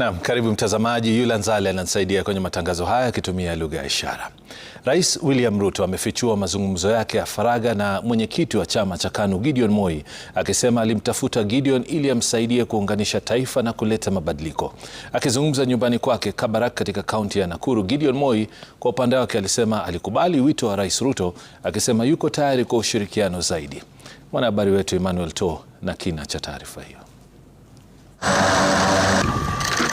Naam, karibu mtazamaji. Yule Nzale anasaidia kwenye matangazo haya akitumia lugha ya ishara. Rais William Ruto amefichua mazungumzo yake ya faragha na mwenyekiti wa chama cha KANU Gideon Moi, akisema alimtafuta Gideon ili amsaidie kuunganisha taifa na kuleta mabadiliko. Akizungumza nyumbani kwake Kabarak katika kaunti ya Nakuru, Gideon Moi kwa upande wake alisema alikubali wito wa Rais Ruto, akisema yuko tayari kwa ushirikiano zaidi. Mwanahabari wetu Emmanuel To na kina cha taarifa hiyo.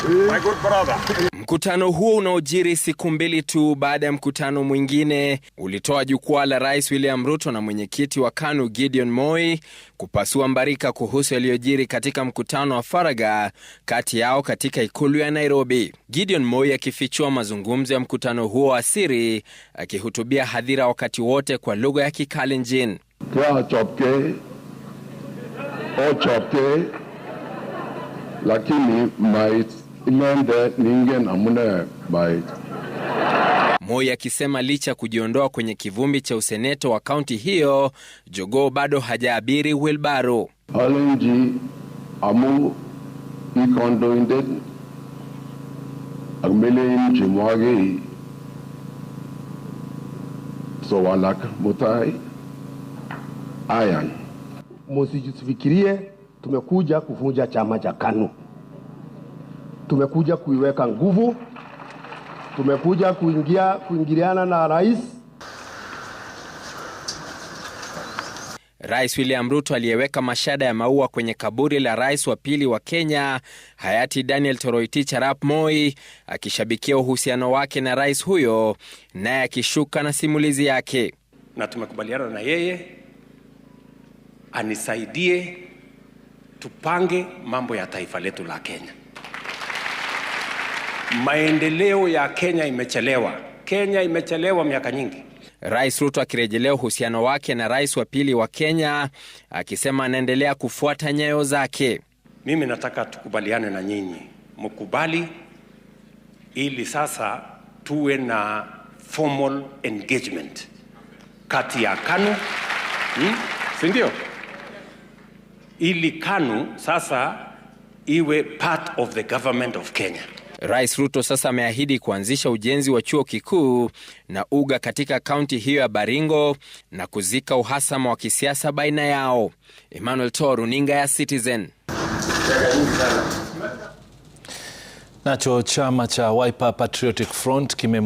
My good brother. Mkutano huo unaojiri siku mbili tu baada ya mkutano mwingine ulitoa jukwaa la Rais William Ruto na mwenyekiti wa KANU Gideon Moi kupasua mbarika kuhusu yaliyojiri katika mkutano wa faraga kati yao katika ikulu ya Nairobi. Gideon Moi akifichua mazungumzo ya mkutano huo wa siri, akihutubia hadhira wakati wote kwa lugha ya Kikalenjin. lakini Imende bai. Moi akisema licha kujiondoa kwenye kivumbi cha useneto wa kaunti hiyo, Jogoo bado hajaabiri wilbaro. Alenji amu agmele mutai ayan. tumekuja kuvunja chama cha KANU tumekuja kuiweka nguvu, tumekuja kuingia kuingiliana na rais. Rais William Ruto aliyeweka mashada ya maua kwenye kaburi la rais wa pili wa Kenya hayati Daniel Toroitich arap Moi akishabikia uhusiano wake na rais huyo, naye akishuka na simulizi yake. Na tumekubaliana na yeye anisaidie tupange mambo ya taifa letu la Kenya maendeleo ya Kenya imechelewa. Kenya imechelewa miaka nyingi. Rais Ruto akirejelea uhusiano wake na rais wa pili wa Kenya akisema anaendelea kufuata nyayo zake. Mimi nataka tukubaliane na nyinyi, mkubali ili sasa tuwe na formal engagement kati ya KANU hmm, si ndio? Ili KANU sasa iwe part of the government of Kenya. Rais Ruto sasa ameahidi kuanzisha ujenzi wa chuo kikuu na uga katika kaunti hiyo ya Baringo na kuzika uhasama wa kisiasa baina yao. Emmanuel To, runinga ya Citizen. Nacho chama cha Wiper Patriotic Front kime